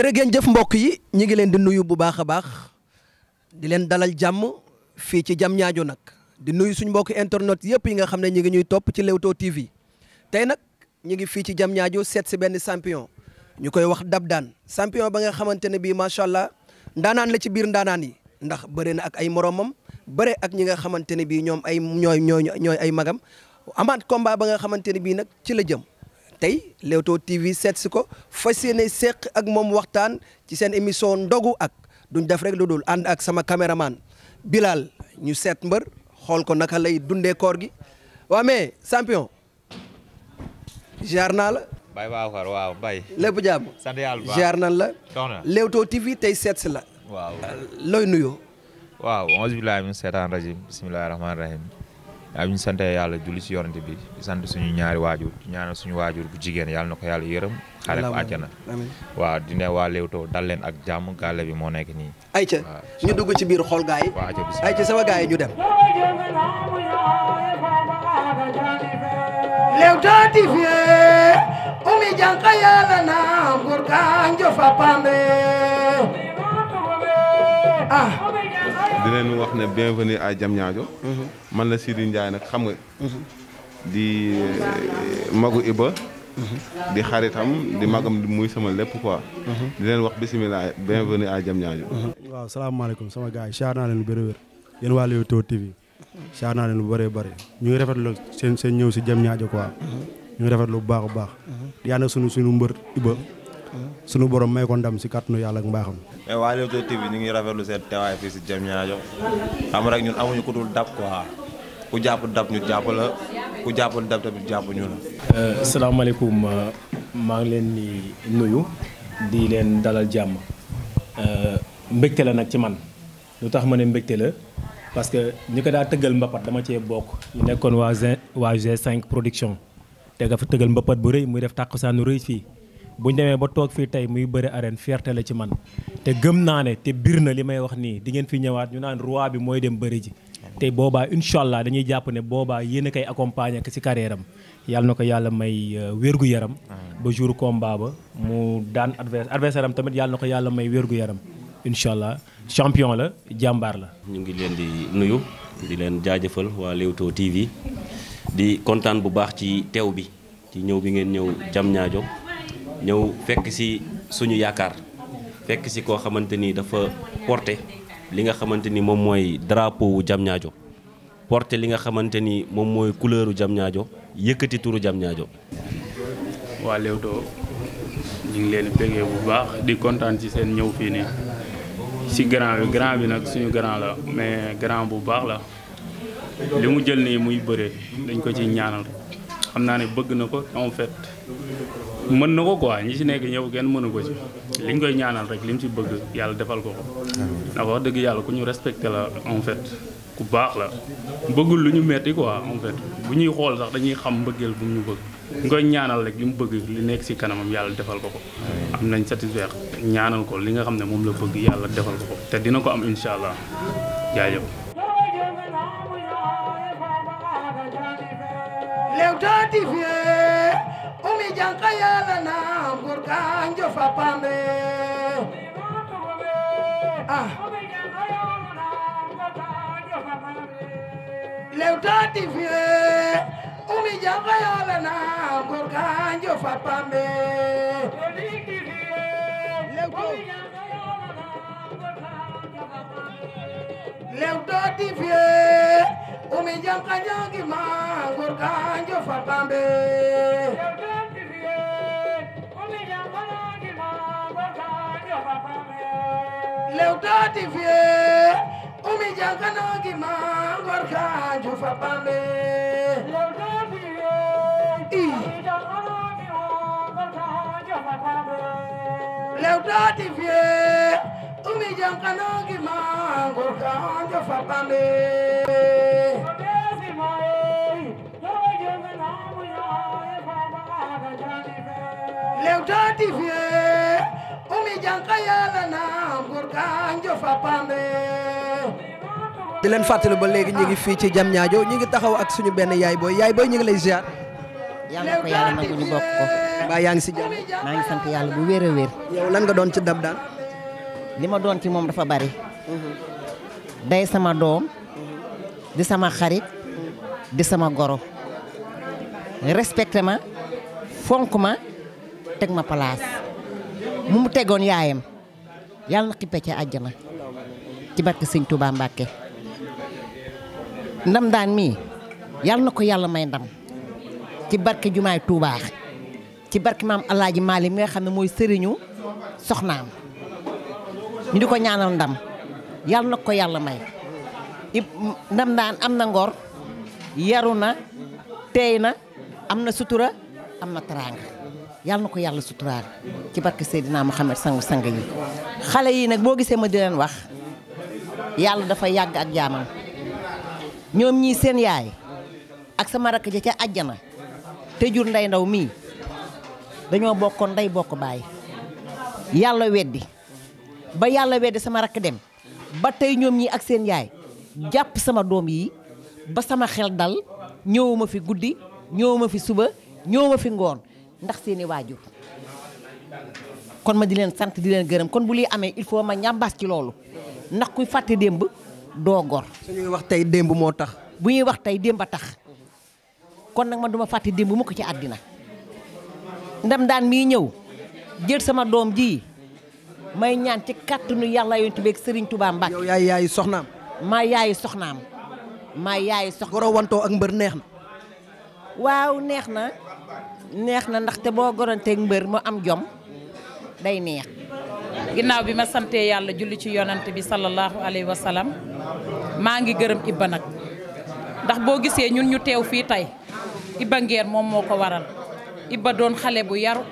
jërë jëf mbokk yi ñu ngi leen di nuyu bu baax a baax di leen dalal jàmm fii ci jam ñaajo nag di nuyu suñ mbokk internet yëpp yi nga xam ne ñu ngi ñuy topp ci Leewtoo TV tey nag ñu ngi fii ci jam ñaajo seet si benn champion ñu koy wax Dab daan champion ba nga xamante ne bii macha allah ndaanaan la ci biir ndaanaan yi ndax bëre na ak ay moromam bëre ak ñi nga xamante ne bii ñoom ay ñooy ñooy ñooy ay magam amaat combat ba nga xamante ne bii nag ci la jëm tey Leewtoo TV seet si ko fas yéene seq ak moom waxtaan ci seen émission ndogu ak duñ def rek lu dul ànd ak sama caméraman Bilal ñu seet mbër xool ko naka lay dundee koor gi waa mais champion jaar naa la. bay waaw kar waaw lépp jàmm sant yàlla jaar la. Leewtoo TV tey seet si la. waaw nuyoo. waaw auzu billaahi min seytaani rajiim bismillaahi rahmaani rahiim waaw ñu sant yàlla julli ci sant suñu ñaari waajur di suñu waajur bu jigéen yàlla na ko yàlla yërëm. xale ko dal leen ak jàmm bi moo nekk nii. ayca ñu ci biir xool gaay yi ayca sama gaay ñu dem. Leewtoo TV Oumy Diankha yàlla na nguur gaa njofa pambe ah. di leen wax ne bienvenue à Diamniadio mhm. man la Sidi Ndiaye nag xam nga mhm. di eh, magu Iba mhm. di xaritam di magam muy sama lépp quoi di leen wax bisimilah bienvenue à Diamniadio waaw salaamaaleykum sama gars yi siyaar naa leen bu bëri wér yéen waa Leewtoo TV siyaar naa leen lu bare bëri ñuy ngi rafetlu seen seen ñëw si Diamniadio quoi ñu ngi rafetlu bu baax baax di ànd suñu suñu mbër Iba suñu borom may ko ndam si kàttanu yàlla ak mbaaxam mais eh, waa Leewtoo TV ñu ngi rafetlu seen teewaay fii si Diamniadio xam rek ñun amuñu ku dul dab quoi ku jàpp dab ñu jàpp la ku jàppul dab tamit jàpp ñu la. Eh, salaamaaleykum euh, maa ngi leen di nuyu di leen dalal jàmm eh, mbégte la nag ci man lu tax ma ne mbégte la parce que ñi ko daa tëggal mbapat dama cee bokk. ñu nekkoon waa G waa G5 production te nga fa tëggal mbapat bu rëy muy def tàkkusaanu rëy fii. bu ñu ba toog fii tey muy bëri arène fierté la ci man te gëm naa ne te biir na li may wax nii di ngeen fi ñëwaat ñu naan roi bi mooy dem bëri ji tey boobaa incha allah dañuy jàpp ne boobaa yéen a koy accompagner ci carrière am yàlla na ko yàlla may euh, wérgu yaram ba jour combat ba mu daan adversaire am tamit yàlla na ko yàlla may wérgu yaram incha allah champion la jàmbaar la. ñu ngi leen di nuyu di leen jaajëfal waa Leewtoo TV di kontaan bu baax ci teew bi ci ñëw bi ngeen ñëw jam ñaajo ñëw fekk si suñu yaakaar fekk si koo xamante ni dafa porté li nga xamante ni moom mooy drapeau wu Diamniadio porté li nga xamante ni moom mooy couleuru Diamniadio yëkkati turu Diamniadio. waa Leewtoo ñu ngi leen bégee bu baax di kontaan ci seen ñëw fii nii si grand bi grand bi nag suñu grand la mais grand bu baax la li mu jël nii muy bëre dañ ko ci ñaanal xam naa ne bëgg na ko en fait mën na ko quoi ñi ci nekk ñëw kenn mënu ko ci liñ koy ñaanal rek li mu ci bëgg yàlla defal ko ko ndax wax dëgg yàlla ku ñu respecté la en fait ku baax la bëggul lu ñu metti quoi en fait bu ñuy xool sax dañuy xam mbëggeel bu mu ñu bëgg ñu koy ñaanal rek li mu bëgg li nekk ci kanamam yàlla defal ko ko am nañ satisfaire ñaanal ko li nga xam ne moom la bëgg yàlla defal ko ko te dina ko am incha allah jaajëf Leewtoo umi janka yala na ngur kanjo fa pambe ah lewta tifie umi janka yala na ngur kanjo fa pambe lewto tifie umi janka jangi ma ngur kanjo fa pambe Leewtoo TV Oumy Diankano gi ma ngor kaaju fa Bambey Leewtoo TV Oumy Diankano gi ma ngor kaaju fa Bambey di leen fàttali ba léegi ñu ngi fii ci jam ñaajo ñu ngi taxaw ak suñu benn yaay booy yaay booy ñu ngi lay ziar. yàlla ko yàlla nangu ñu bokk ko. mbaa yaa ngi si jàmm. maa ngi sant yàlla bu wér a wér. yow lan nga doon ci dab daal. li ma doon ci moom dafa bari. day sama doom. di sama xarit. di sama goro. respecté ma fonk ma teg ma place. mu mu tegoon yaayam yàlla na xippe ca àjjana ci barke sëñ Touba Mbacke ndam daan mii yàlla na ko yàlla may ndam ci barke jumaay Touba ci barke maam Alaaji Maali nga xam ne mooy sëriñu soxnaam ñu di ko ñaanal ndam yàlla na ko yàlla may ndam daan am na ngor yaru na teey na am na sutura am na teraanga yàlla na ko yàlla suturaal ci barke Seydina Mouhamed sangu-sang yi xale yi nag boo gisee ma di leen wax yàlla dafa yàgg ak jaamam ñoom ñii seen yaay ak sama rakk ja ca àjjana te jur nday ndaw mii dañoo bokkoon nday bokk baay yàlla weddi ba yàlla weddi sama rakk dem ba tey ñoom ñii ak seen yaay jàpp sama doom yi ba sama xel dal ñëwuma fi guddi ñëwuma fi suba ñëwuma fi ngoon ndax seeni waajur kon ma di leen sant di leen gërëm kon bu lii amee il faut ma ñàmbaas ci loolu ndax kuy fàtte démb doo gor. suñuy wax tey démb moo tax. bu ñuy wax tey démb a tax kon nag ma duma fàtte démb mu ko ci àddina ndam daan mii ñëw jël sama doom ji may ñaan ci kàttanu yàlla yonent bi ak Serigne Touba Mbacke. yow yaay yaayu soxnaam. maa yaayu soxnaam. maa yaayu sox. goro wantoo ak mbër neex na. waaw neex na neex na ndaxte boo goronteeg mbër mu am jom day neex. ginnaaw bi ma santee yàlla julli ci yonant bi sallallahu alayhi wa salaam maa ngi gërëm Ibba nag ndax boo gisee ñun ñu teew fii tey Ibba Nguer moom moo ko waral Ibba doon xale bu yaru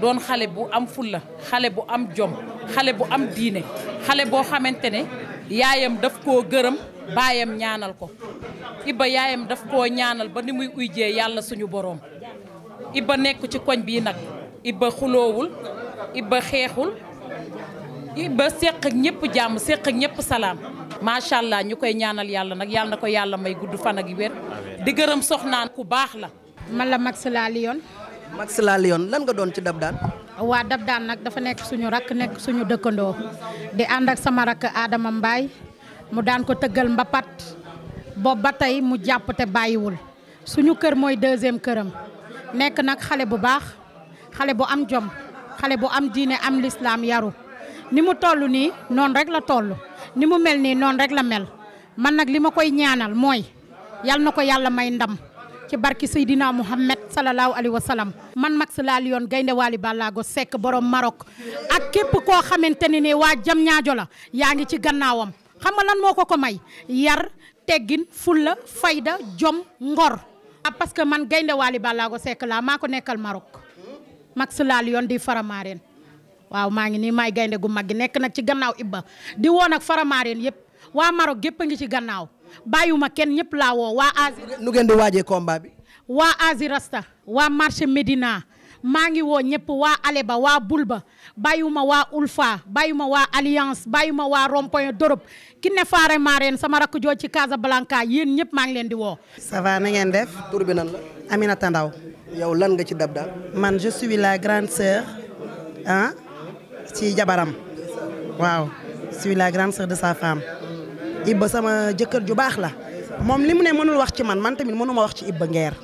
doon xale bu am fulla xale bu am jom xale bu am diine xale boo xamante ne yaayam daf koo gërëm baayam ñaanal ko Ibba yaayam daf koo ñaanal ba ni muy uy jee yàlla suñu boroom Iba nekk ci koñ bii nag Iba xuloowul Iba xeexul Iba seq ak ñëpp jàmm seq ak ñëpp salaam macha allah ñu koy ñaanal yàlla nag yàlla na ko yàlla may gudd fan ak wér di gërëm soxnaan ku baax la. man la Max laa Lyon. lan nga doon ci dab daan. waa dab daan nag dafa nekk suñu rakk nekk suñu dëkkandoo di ànd ak sama rakk aadama Mbaye mu daan ko tëggal mbapat boobu ba tey mu jàpp te bàyyiwul suñu kër mooy deuxième këram. nekk nag xale bu baax xale bu am jom xale bu am diine am lislaam yaru ni mu toll nii noonu rek la toll ni mu mel nii noonu rek la mel man nag li ma koy ñaanal mooy yal na ko yàlla may ndam ci barki Seydina Mouhamed salallaahu alayhi wa salaam. man Max laa Lion gaynde Waly Ballago sekk borom marok ak képp koo xamante ne nii waa jam ñaajo la yaa ngi ci gannaawam xam nga lan moo ko ko may yar teggin fulla fayda jom ngor. ah parce que man gaynde Waly Ballago sekk laa maa ko nekkal Maroc max laal yoon di Faramareen waaw maa ngi nii may gaynde gu mag gi nekk nag ci gannaaw Ibba di woon ak Faramareen yëpp waa Maroc gépp a ngi ci gannaaw bàyyiwuma kenn ñëpp laa woo waa Asie. waajee combat bi. waa Asie Rasta waa marché Médina. maa ngi woo ñëpp waa ba waa Bulba bàyyuma waa Ulfa bàyyuma waa Alliance bàyyuma waa Rond-Point d'Europe ki ne faare maareen sama rakk joo ci Casablanca yéen ñëpp maa ngi leen di woo. ça va ngeen def. tur bi nan la. Aminata Ndaw. yow lan nga ci dab daal. man je suis la grande sœur ci jabaram waaw je suis la grande sœur de sa femme. Ibba sama jëkkër ju baax la. moom li mu ne mënul wax ci man man tamit mënuma wax ci Ibba Nguer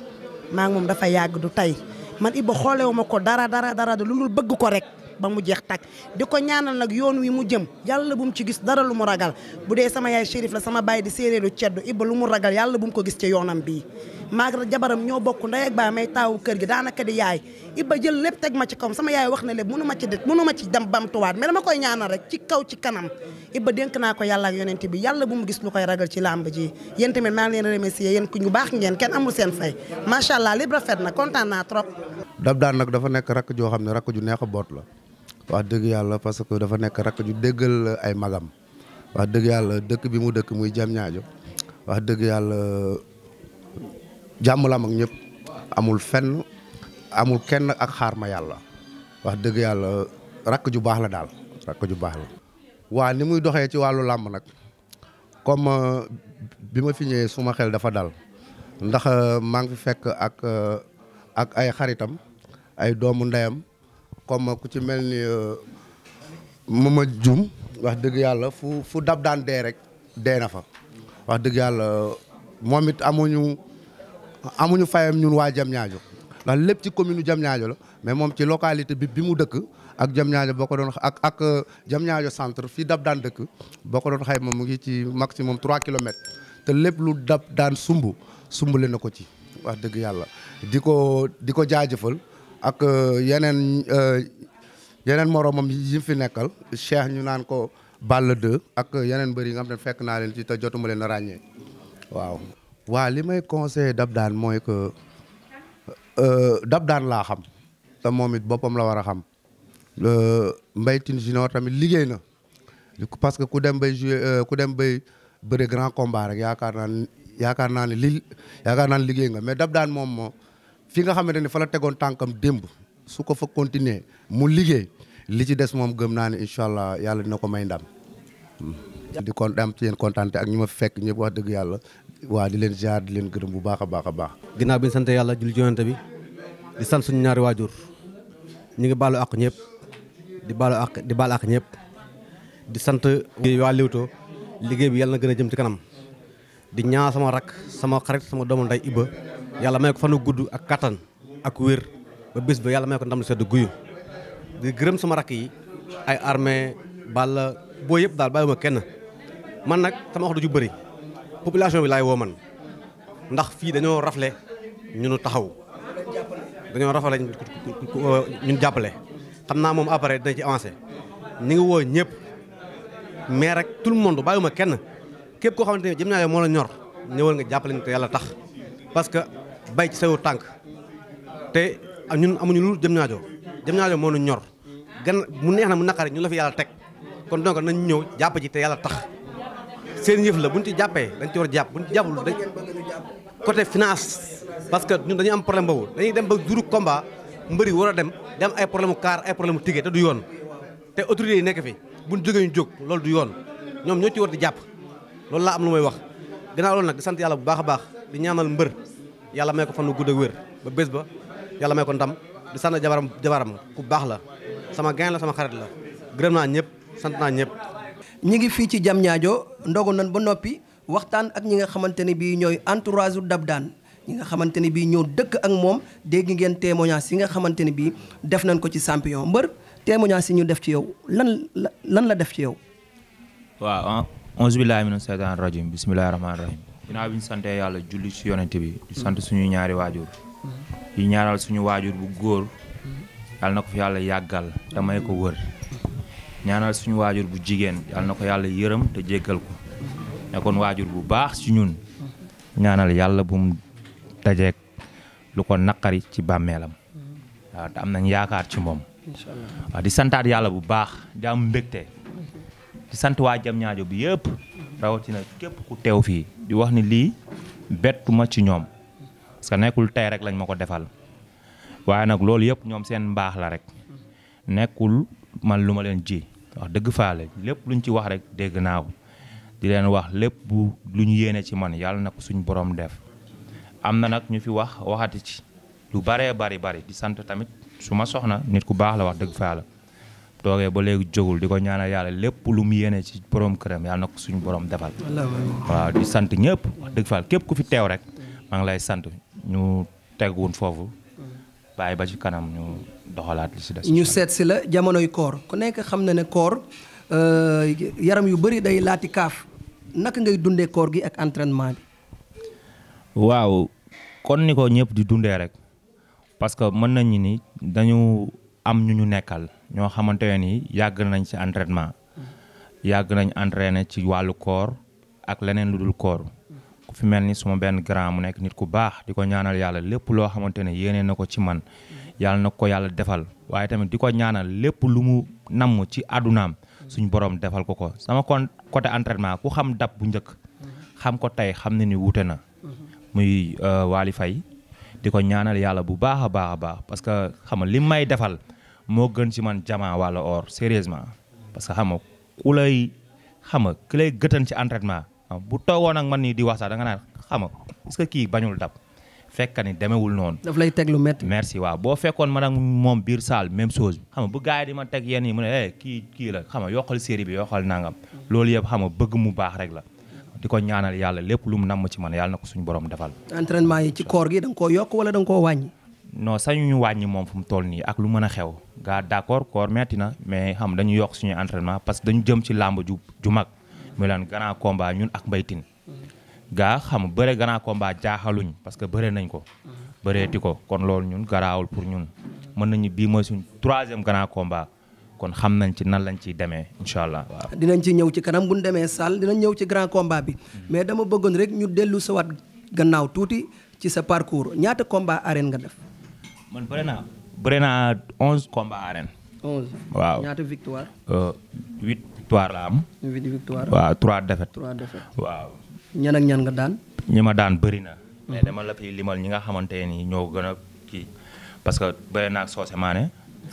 maa ngi moom dafa yàgg du tey. man Ibou xoolewu ma ko dara dara dara lu dul bëgg ko rek ba mu jeex tàkk di ko ñaanal nag yoon wi mu jëm yàlla bu ci gis dara lu mu ragal bu dee sama yaay Chérif la sama baay di séeréeru ceddu Ibou lu mu ragal yàlla bu mu ko gis ci yoonam bii maag jabaram ñoo bokk ndey ak taawu kër gi daanaka di yaay Iba jël lépp teg ma ci kawam sama yaay wax na lépp mënu ma ci det mënu ma ci dem bamtuwaat mais dama koy ñaanal rek ci kaw ci kanam Iba dénk naa ko ak yonent bi yàlla bu mu gis lu koy ragal ci làmb ji yéen tamit maa ngi leen remercier yéen ku ñu baax ngeen kenn amul seen fay macha allah lépp rafet na kontaan naa trop dab daan dafa nekk rakk joo xam ne rakk ju neex a boot la wax dëgg yàlla parce que dafa nekk rakk ju déggal ay magam wax dëgg yàlla dëkk bi mu dëkk muy jam ñaajo wax dëgg yàlla jàmm la am ak ñëpp amul fenn amul kenn ak xaar ma yàlla wax dëgg yàlla rakk ju baax la daal rakk ju baax la. waa ni muy doxee ci wàllu làmb nag comme euh, bi ma fi ñëwee suma xel dafa dal ndax euh, maa ngi fi fekk ak euh, ak ay xaritam ay doomu ndeyam comme ku ci mel ni Mama Dioum wax dëgg yàlla fu fu dab daan dee rek dee na fa wax dëgg yàlla moom it amuñu. amuñu fayam ñun waa Diamniadio ndax lépp ci commune Diamniadio la mais moom ci localité bi bi mu dëkk ak Diamniadio boo ko doon ak ak euh, Diamniadio centre fii dab daan dëkk boo ko doon xayma mu ngi ci maximum 3 kilomètres te lépp lu dab daan sumb sumbale na ko ci wax dëgg yàlla di ko di ko jaajëfal ak euh, yeneen euh, yeneen moroomam yi fi nekkal Cheikh ñu naan ko Balla de ak yeneen bëri yi nga xam ne fekk naa leen ci te jotuma leen ràññee waaw waa li may conseillé dab daan mooy que euh, dab daan laa xam te moom it boppam la war a xam Mbaye Tine jina tamit liggéey na parce que ku dem bay joué euh, ku dem bay bëre grand combat rek yaakaar naa yaakaar naa ne li yaakaar naa liggéey nga mais dab daan moom moo fi nga xamante ni fa la tegoon tànkam démb su ko fa continuer mu liggéey li ci des moom gëm naa ne incha allah yàlla dina ko may ndam. Hmm. di kon am ci yéen kontaan ak ñi ma fekk ñëpp wax dëgg yàlla waa di leen ziar di leen gërëm bu baax a baax a baax. ginnaaw bi ñu sant yàlla julli ci yonent bi di sant suñu ñaari waajur ñu ngi baalu àq ñëpp di baalu àq di baal àq ñëpp di sant. waa Leewtoo liggéey bi yàlla na gën a jëm ci kanam di ñaa sama rakk sama xarit sama doomu nday Iba yàlla may ko fanu gudd ak kattan ak wér ba bés ba yàlla may ko ndam lu sedd guyu di gërëm sama rakk yi ay armée bala boo yëpp daal bàyyiwuma kenn man nag sama wax du ju population bi laay woo man ndax fii dañoo rafle ñunu taxaw dañoo rafale ñun jàppale xam naa moom après dina ci avancé ñi ngi woo ñëpp mais rek tout le monde ma kenn képp koo xamante ne jëm naa moo la ñor ñëwal nga jàppale ñu te yàlla tax parce que bay ci sawu tànk te ñun amuñu lu jëm ñaajo jëm ñaajo moo nu ñor gan mu neex na mu naqari ñu la fi yàlla teg kon donc nañ ñëw jàpp ji te yàlla tax seen yëf la bu ñu ci jàppee dañ ci war jàpp bu ñu ci jàppul dañ côté finance parce que ñun dañu am problème boobu dañuy dem ba juru combat mbëri war a dem di am ay problème car ay problème ticket te du yoon te autorités yi nekk fi bu ñu jógee ñu jóg loolu du yoon ñoom ñoo ci war di jàpp loolu laa am lu may wax gannaaw loolu nag di sant yàlla bu baax a baax di ñaanal mbër yàlla may ko fan wu gudd wér ba bés ba yàlla may ko ndam di sant jabaram jabaram ku baax la sama gain sama xarit la gërëm ñëpp sant naa ñëpp ñi ngi fii ci jam ñaajo ndogu nan ba noppi waxtaan ak ñi nga xamante ne bii ñooy entourage u Dabdane ñi nga xamante ne bii ñoo dëkk ak moom dégg ngeen témoignage yi nga xamante ne bii def nañ ko ci champion mbër témoignage yi ñu def ci yow lan la lan la def ci yow waaw onze ah, billahi mina seytaan rajim bismillahi rahmaani rahim ginnaaw bi ñu sante yàlla julli ci yonente bi di sant suñuy ñaari waajur yi ñaaral suñu waajur bu góor mm-hmm. yàlla na ko fi yàlla yàggal damay ko wër ñaanal suñu waajur bu jigéen yal na ko yàlla yërëm te jéggal ko nekkoon waajur bu baax ci ñun ñaanal yàlla bu mu dajeeg lu ko naqari ci bàmmeelam waaw te am nañ yaakaar ci moom di santaat yàlla bu baax di am mbégte di sant waaj jam ñaajo bi yépp rawatina képp ku teew fii di wax ni lii bettuma ci ñoom parce nekkul tey rek lañ ma ko defal waaye nag loolu yëpp ñoom seen mbaax la rek nekkul man lu ma leen ji wax dëgg faale lépp luñ ci wax rek dégg naa ko di leen wax lépp bu lu ñu yéene ci man yàlla na ko suñ boroom def am na nag ñu fi wax waxati ci lu baree bari bari di sant tamit su ma soxna nit ku baax la wax dëgg faale toogee ba léegi jógul di ko ñaanal yàlla lépp lu mu yéene ci borom këram yàlla na ko suñu boroom defal waaw di sant ñëpp wax dëgg faale képp ku fi teew rek maa ngi lay sant ñu teguwun foofu bàyyi ba ci kanam ñu doxalaat li si des. ñu seet si la jamonoy koor ku nekk xam na ne koor euh, yaram yu bëri day laati kaaf naka ngay dundee koor gi ak entraînement bi. waaw kon ni ko ñëpp di dundee rek parce que mën nañu ni dañu am ñu ñu nekkal ñoo xamante nii yàgg nañ ci entraînement yàgg nañ entraîné ci wàllu koor ak leneen lu dul koor. ku fi mel ni suma benn grand mu nekk nit ku baax di ko ñaanal yàlla lépp loo xamante ne yéene na ko ci man yàlla na ko yàlla defal waaye tamit di ko ñaanal lépp lu mu namm ci àddunaam suñu borom defal ko ko sama kon côté entraînement ku xam dab bu njëkk xam ko tey xam ne ni wuute na muy euh, waali fay di ko ñaanal yàlla bu baax a baax a baax parce que xam nga li may defal moo gën ci man jamaa walla or sérieusement parce que xam nga ku lay xam nga ki lay gëtan ci entraînement Ah, bu toogoon ak man nii di wax sax da nga naan xam nga est kii bañul dab fekk ni demewul noonu. daf lay teg lu métti. merci waaw boo fekkoon man ak moom biir saal même chose xam bu gars yi di ma teg yenn yi mu ne eh kii kii la xam nga yokkal série bi yokkal nangam loolu yëpp xam nga bëgg mu baax rek la. di ko ñaanal yàlla lépp lu mu namm ci man yàlla na ko suñu borom defal. entraînement yi ci koor gi da nga koo yokk wala da nga koo wàññi. non sañu ñu wàññi moom fu mu tol nii ak lu mën a xew. gaa d'accord koor metti na mais xam dañu yokk suñu entraînement parce que dañu jëm muy lan grand combat ñun ak mbaytin gaa xam bëre grand combat jaaxaluñ parce que bëre nañ ko bëreeti ko kon loolu ñun garaawul pour ñun mën nañu bii mooy suñ troisième grand combat kon xam nañ ci nan lañ ciy demee incha allah waaw dinañ ci ñëw ci kanam bu ñu demee salle dinañ ñëw ci grand combat bi mais dama bëggoon rek ñu dellu sa waat gannaaw tuuti ci sa parcours ñaata combat arène nga def man bëre naa bëre naa onze combat arène waa la am. huit victoire waaw trois défaites. trois waaw. ñan ak ñan nga daan. ñi ma daan bëri na. Mhm. mais dama la fi limal ñi nga xamante ni ñoo gën a kii parce que bëri naa ak Socé Mané.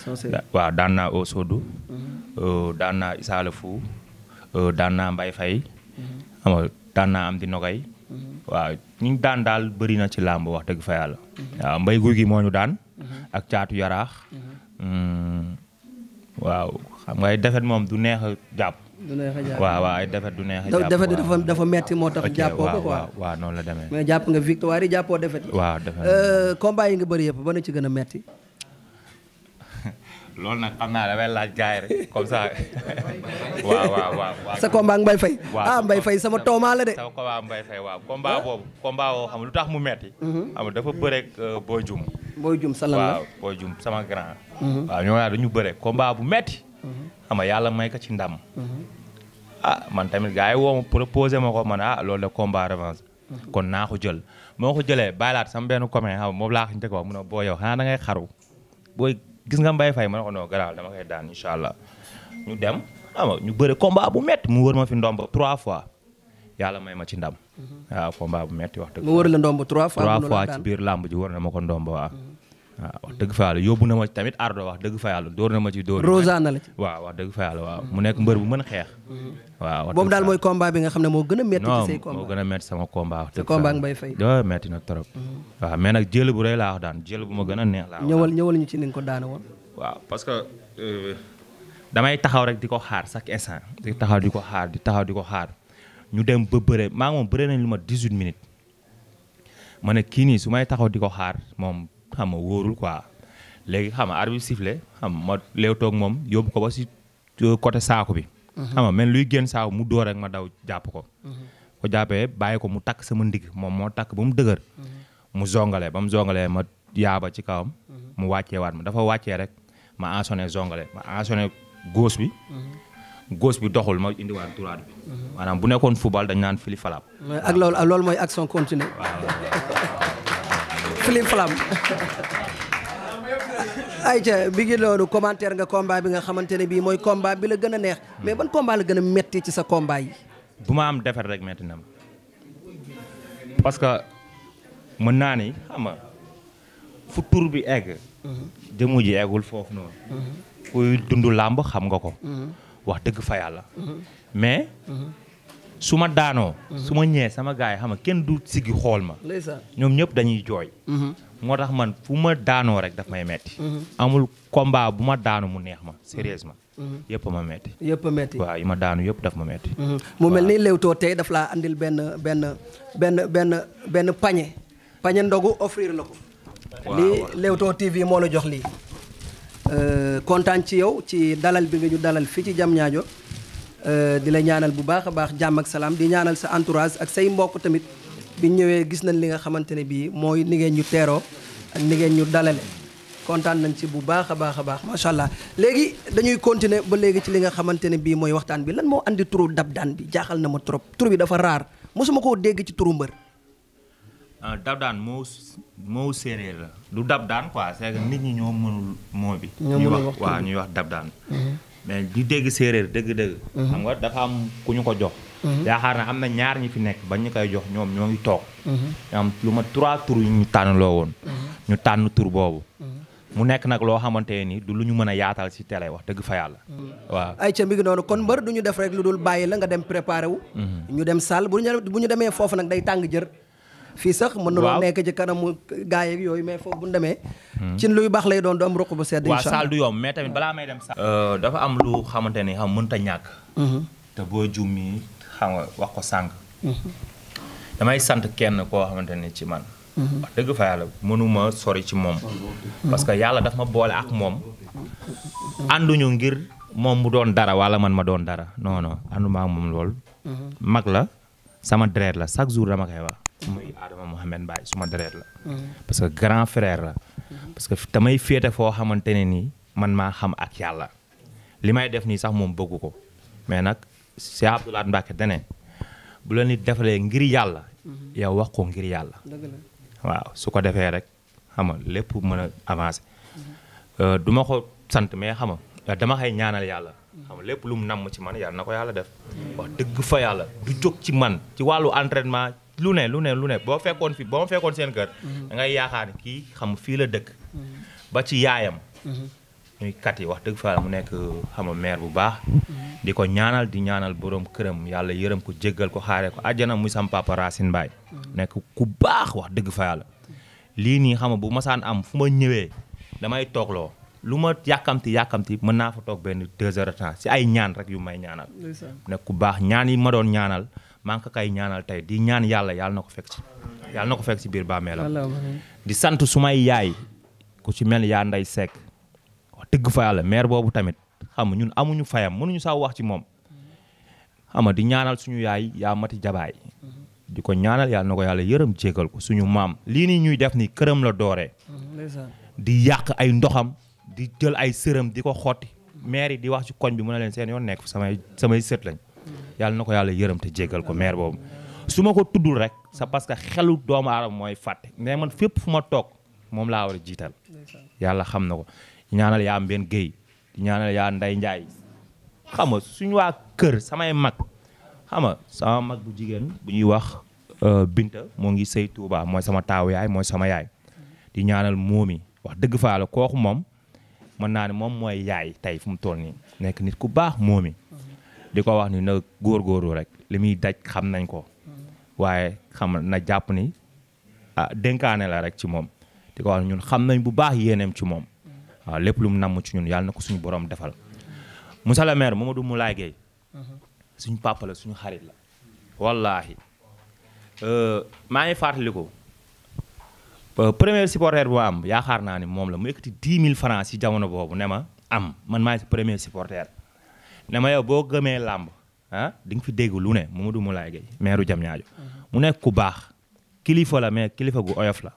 Socé waaw daan naa au Sodou. Mhm. Euh, daan naa Issa Le Fou. Euh, daan naa Mbaye Faye. Mhm. daan naa am di Nogay. waaw ñu daan daal bëri na ci làmb wax dëgg fa yàlla. waaw mbay guy gi moo ñu daan. ak caatu yaraax. Hmm. waaw xam nga ay defet moom du neex a jàpp. du neex a jàpp waaw waaw ay defet neex a dafa dafa metti moo tax jàppoo ko quoi waaw noonu la demee mais jàpp nga victoire yi jàppoo defet waaw euh, combat yi nga bëri yëpp ba na ci gën a metti loolu nag xam naa dafay laaj gaay rek comme ça waaw waaw waaw. sa combat Mbaye Faye. ah Mbaye Faye sama toomaa la de. sa combat Mbaye Faye waaw lu tax mu metti mhm. dafa bëreeg euh, Boy Dioum. Boy Dioum sa sama grand. Mhm. ñoo ngi dañu bëre combat bu metti mhm. xam nga yàlla may ko ci ndam. ah man tamit gars yi woo ma proposé ma ko man ah loolu de combat revanche. kon naa ko jël moo ko jëlee bàyyilaat sama benn commun xam moom laa ko njëkk a mu ne boo yow xanaa da xaru booy gis nga Mbaye fay ma ne ko non garaawal dama koy daan incha allah ñu dem ama ñu bëre combat bu métti mu wër ma fi ndomb trois fois yàlla may ma ci ndam. Mhm. waaw combat bu métti wax dëgg. mu war la ndomb trois fois trois fois ci biir làmb ji wër na ma ko ndomb waaw. Mhm. waaw dëgg fa yàlla yóbbu na ma tamit ardo wax dëgg fa yàlla dóor na ma ci dóor. rosa na la waaw wax dëgg fa yàlla waaw mu nekk mbër bu mën xeex. Mm-hmm. waaw boobu daal mooy combat bi nga xam ne moo gën a métti ci say combat moo gën a métti sama combat wax dëgg combat na trop mm-hmm. mais nag jël bu laa daan jël bu ma gën a neex laa ñëwal ñëwal ñu ci ni ko daana woon waaw parce que euh, damay taxaw rek di ko xaar chaque instant di taxaw di ko xaar di taxaw di ko xaar ñu dem ba bëre maa ngi moom bëre nañ lu ma 18 minutes ma ne kii nii su may taxaw di ko xaar moom xam nga wóorul quoi léegi xam nga arbitre sifflé xam nga ma léew toog moom yóbbu ko ba si euh, côté saaku bi. Mhm. xam nga luy génn saaku mu door rek ma daw jàpp ko. Mhm. ko jàppee bàyyi ko mu takk sama ndig moom moo takk ba mu dëgër. Mhm. mu zongale ba mu zongalee ma yaaba ci kawam. mu wàccee waat ma dafa wàccee rek ma ensonné zongale ma ensonné goos bi. goos bi doxul ma indiwaat droite bi. maanaam bu nekkoon football dañ naan fili falab. ak loolu mooy action continue. flip flam ayca bi ngi loolu commentaire nga combat bi nga xamante ne bii mooy combat bi la gën a neex mais ban combat la gën a métti ci sa combat bu ma am defar rek métti na ma parce que mën naa ni xam nga fu tur bi egg jëmu ji eggul foofu noonu mhm. kuy dund làmb xam nga ko mhm. wax dëgg fa yàlla mhm. mais su ma daanoo. Mhm. su ma ñëwee sama gars yi xam nga kenn du siggi xool ma. ñoom ñëpp dañuy jooy. Mhm. moo tax man fu ma daanoo rek daf may metti mhm. amul combat bu ma daanu mu neex ma ma yëpp ma metti yëpp a metti yi ma daanu yëpp daf ma metti mu mel ni Leewtoo tey daf laa indil benn benn benn benn benn pañe pañe ndogu offrir la ko. lii Leewtoo TV moo la jox lii. Euh, kontaan ci yow ci dalal bi nga ñu dalal fii ci Diamniadio. Euh, di la ñaanal bu baax a baax jàmm ak salaam di ñaanal sa entourage ak say mbokk tamit bi ñëwee gis nañ li nga xamante ne bii mooy ni ngeen ñu teeroo ak ni ñu dalale kontaan nañ ci bu baax a baax a baax macha allah léegi dañuy continuer ba léegi ci li nga xamante ne bii mooy waxtaan bi lan moo indi turu dab daan bi jaaxal na ma trop tur bi dafa raar mosuma koo dégg ci turu mbër. Ah, dab daan moo moo séeréer la du dab daan quoi c'est nit ñi ñoo mënul moo bi. ñuy wax waaw wax dab mais di dégg séeréer dëgg-dëgg. Mhm. xam nga dafa am ku ñu ko jox. Mhm. yaakaar na am na ñaar ñi fi nekk ba ñu koy jox ñoom ñoo ngi toog. Mhm. am lu ma trois tur yu ñu tànn loo woon. ñu tànn tur boobu. mu nekk nag loo xamante ni du lu ñu mën a yaatal ci télé wax dëgg fa yàlla. waaw ay ca mi ngi noonu kon mbër du ñu def rek lu dul bàyyi la nga dem préparé ñu dem salle bu ñu demee foofu nag day tàng jër. fii sax mën na doon nekk ci kanamu gaay yi yooyu mais foofu bu ñu demee hmm. ci luy baax lay doon du am ruq bu sedd waaw saal du yomb mais tamit balaa may dem saal euh, dafa am lu xamante ni xam mënta ñàkk hmm. te boo jummi xam nga wax ko sànq hmm. damay sant kenn koo xamante ni ci man wax dëgg fa yàlla mënuma sori ci moom parce que yàlla daf ma boole ak moom ànduñu ngir moom mu doon dara wala man ma doon dara non non moom lool mag la sama deret la chaque jour dama koy muy Adama Mohamed Mbaye suma deret la. Mm-hmm. parce que grand frère la. Mm-hmm. parce que damay féete foo xamante ne nii man maa xam ak yàlla li may def nii sax moom bëggu ko mais nag Cheikh Abdoul Ahad Mbacké dane bu la nit defalee ngir yàlla. Mm-hmm. yow wax ko ngir yàlla. waaw su ko defee rek xam nga lépp mën a avancer. Euh, du ma ko sant mais xam nga dama xay ñaanal yàlla. xam lépp lu mu namm ci man yàlla na ko yàlla def. wax dëgg fa yàlla du jóg ci man ci wàllu entraînement. lu ne lu ne lu ne boo fekkoon fi boo ma fekkoon seen kër. Mhm. da ngay yaakaar ni kii xam fii la dëkk. Mhm. ba ci yaayam. Mhm. muy kat yi wax dëgg fa mu nekk xam maire bu baax. di ko ñaanal di ñaanal borom këram yàlla yërëm ko jéggal ko xaaree ko àjjana muy sam papa Racine Mbaye. nekk ku baax wax dëgg fa yàlla. lii nii xam bu masaan am fu ma ñëwee damay toogloo lu ma yàkkamti yàkkamti mën naa fa toog benn deux heures temps si ay ñaan rek yu may ñaanal. nekk ku baax ñaan yi ma doon ñaanal. maa ngi ko kay ñaanal tey di ñaan yàlla yàlla na ko fekk ci yàlla na ko fekk ci biir bàmmeelam di sant sumay yaay ku ci mel yaa nday Seck wax dëgg fa yàlla boobu tamit xam ñun amuñu fayam mënuñu saa wax ci moom xam di ñaanal suñu yaay yaa mati jabaay di ko ñaanal yàlla na ko yàlla yërëm jégal ko suñu maam lii nii ñuy def ni këram la dooree mm-hmm, di yàq ay ndoxam di jël ay sërëm di ko xotti maire yi di wax ci koñ bi mën na leen seen yoon nekk samay samay sët yàlla na ko yàlla yërëm te jéggal ko maire boobu su ma ko tuddul rek c'est parce que xelu doomu aadama mooy fàtte mais man fépp fu ma toog moom laa war a jiital yàlla xam na ko ñaanal yaa Mbène Guèye ñaanal yaa Ndeye Ndiaye xam nga suñu waa kër samay mag xama sama mag bu jigéen bu ñuy wax euh, Binta moo ngi sëy Touba mooy sama taawu yaay mooy sama yaay di ñaanal moomi wax dëgg faa la kooku moom mën naa ne moom mooy yaay tey fu mu toll nii nekk nit ku baax moomi di ko wax ni na góorgóorlu rek li muy daj xam nañ ko waaye xam na jàpp ni ah dénkaane la rek ci moom di ko wax ñun xam nañ bu baax yéeneem ci moom waaw lépp lu mu namm ci ñun yàlla na ko suñu borom defal monsieur le maire Mamadou Moulaye Gueye suñu papa la suñu xarit la wallaahi euh, maa ngi fàttaliku euh, premier supporter bu am yaakaar naa ni moom la mu yëkkati 10 000 francs si jamono boobu ne ma am man maay premier supporter ne ma yow boo gëmee làmb ah di nga fi dégg lu ne Mamadou Moulaye Gueye maire Diamniadio uh-huh. mu nekk ku baax kilifa la mais kilifa gu oyof la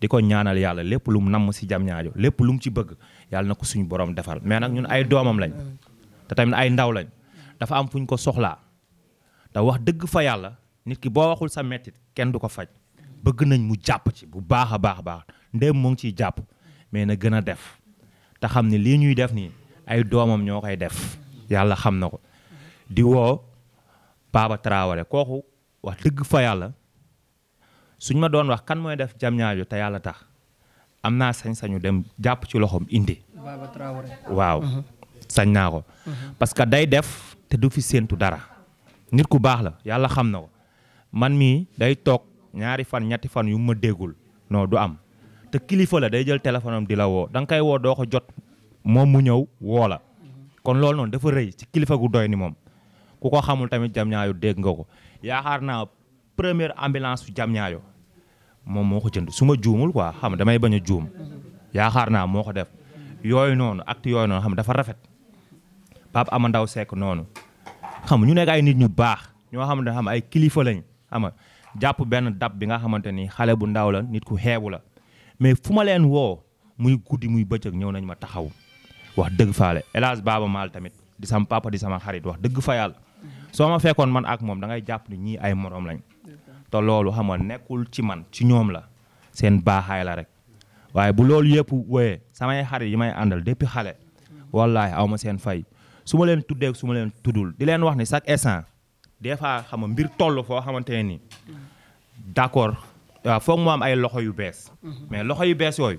di ko ñaanal yàlla lépp lu mu namm ci Diamniadio lépp lu mu ci bëgg yàlla na ko suñu borom defal mais nag ñun ay doomam lañ te tamit ay ndaw lañ dafa am fuñ ko soxlaa te wax dëgg fa yàlla nit ki boo waxul sa mettit kenn du ko faj bëgg nañ mu jàpp ci bu baax a baax a baax ndéem mu ngi ciy jàpp mais na gën a def te xam ne lii ñuy def nii ay doomam ñoo koy def yàlla xam na ko di woo Baba Traoré kooku wax dëgg fa yàlla suñ ma doon wax kan mooy def jam ñaajo te yàlla tax am naa sañ-sañu dem jàpp ci loxoom indi. Baba Traoré waaw. Mhm. sañ naa ko. Mhm. parce que day def te du fi séentu dara. nit ku baax la yàlla xam na ko man mii day toog ñaari fan ñetti fan yu ma déggul non du am te kilifa la day jël téléphone am di la woo da nga woo doo ko jot moom mu ñëw woo la. kon loolu noonu dafa rëy ci kilifa gu doy ni moom ku ko xamul tamit jam ñaayo dégg nga ko yaakaar naa première ambulance su jam ñaayo moom moo ko jënd su ma juumul quoi xam damay bañ a juum yaakaar naa moo ko def yooyu noonu acte yooyu noonu xam dafa rafet ama ndaw sekk noonu xam ñu nekk ay nit ñu baax ñoo xam ne xam ay kilifa lañ xam jàpp benn dab bi nga xamante ni xale bu ndaw la nit ku xeebu la mais fu ma leen woo muy guddi muy bëccëg ñëw nañ ma taxaw wax dëgg faale El Hadj Baaba Maal tamit di sama papa di sama xarit mhm. ma fekkoon man ak moom da ngay jàpp ni ñii ay moroom lañ te loolu xam nga nekkul ci man ci ñoom la seen baaxaay la rek waaye bu loolu yëpp wooyee samay xarit yi may àndal depuis xale mhm. wallaahi aw ma seen fay su ma leen tuddee su ma leen tuddul di leen wax ni chaque instant des fois xama mbir toll foo xamante ne nii mhm. d'accord waaw foog mu ay loxo yu bees mais loxo yu bees yooyu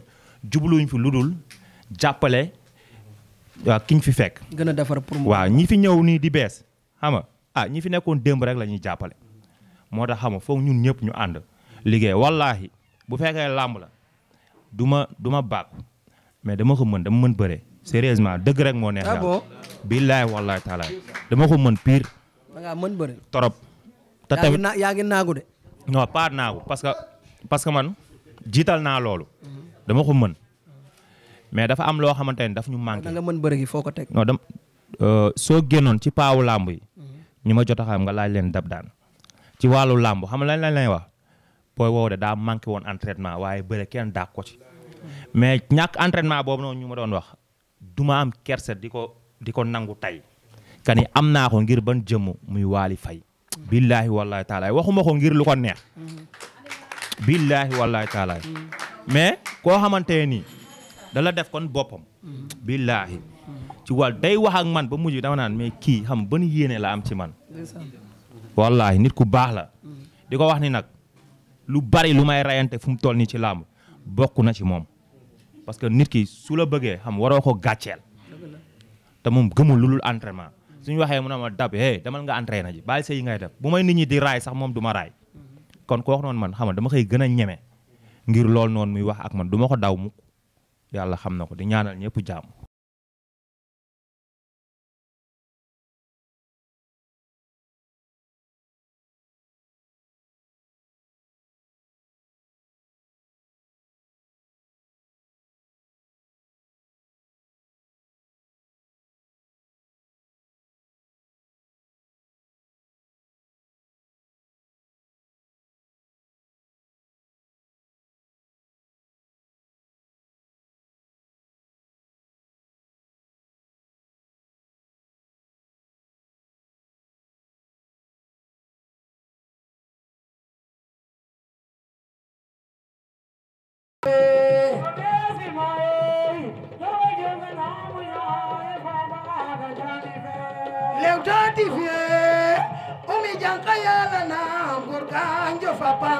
jubluñ fi lu dul jàppale waaw ki ñu fi fekk. gën a defar pour waaw ñi fi ñëw nii di bees xam a ah ñi fi nekkoon démb rek la ñuy jàppale. moo tax xam nga foog ñun ñëpp ñu ànd liggéey wallaahi bu fekkee làmb la du ma du ma bàkku mais dama ko mën dama mën bëre sérieusement dëgg rek moo neex. d'abord ah billaay wallaahi taala dama ko mën pire. da ngaa mën te tamit yaa ngi naagu de. non pas naagu parce que parce que man jiital naa loolu. Mhm. dama ko mën. mais dafa am loo xamante ne dafa ñu manqué. da nga mën bëri gi euh, soo génnoon ci paawu làmb yi. Mhm. ñu ma jot xam nga laaj leen dab daan. ci wàllu làmb xam lañ lañ lay wax booy woo de daa manqué woon entraînement waaye bëre kenn daak ko ci. mais ñàkk entraînement boobu noonu ñu ma doon wax du ma kerse di ko di ko nangu tey. kani am naa ko ngir ban jëmm muy waali fay. Mhm. billaahi wallaahi taalaay waxuma ko ngir lu ko neex. Mhm. billaahi wallaahi taalaay. mais koo xamante nii dala def kon boppam. billaahi ci wàll day wax ak man ba mujj dama naan mais kii xam ban yéene la am ci man. wallaahi nit ku baax la. di ko wax ni nag lu bari lu may reyante fu mu toll nii ci làmb bokk na ci moom. parce que nit ki su la bëggee xam waroo ko gàcceel. te moom gëmul lu dul entraînement. suñu waxee mun ne ma dab hey demal nga entraîné ji bàyyi sa yi ngay def bu may nit ñi di raay sax moom du ma raay. kon koo wax noonu man xam dama koy gën a ñeme. ngir loolu noonu muy wax ak man du ma ko daw mukk yàlla xam na ko di ñaanal ñëpp jàmm.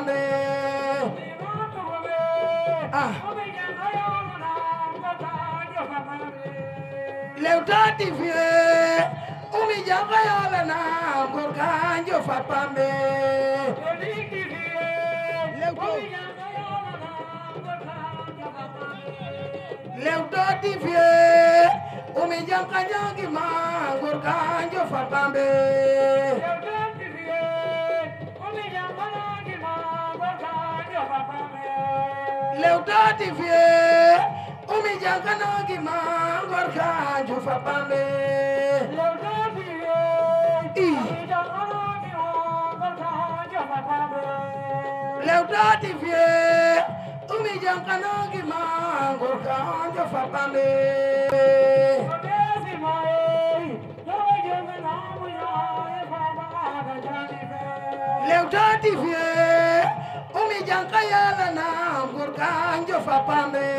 bande ah lewtati fiye umi janga yala na gorganjo fapambe lewtati fiye umi janga nyangi ma gorganjo fapambe Leewtoo TV Oumy Diankano gi ma ngor ka ju fa Bambey Leewtoo TV Oumy Diankano gi ma ngor ka ju fa Bambey Leewtoo TV Oumy Diankano gi ma ngor ka ju fa Bambey Leewtoo TV janka yala na gurkan jo fa pambe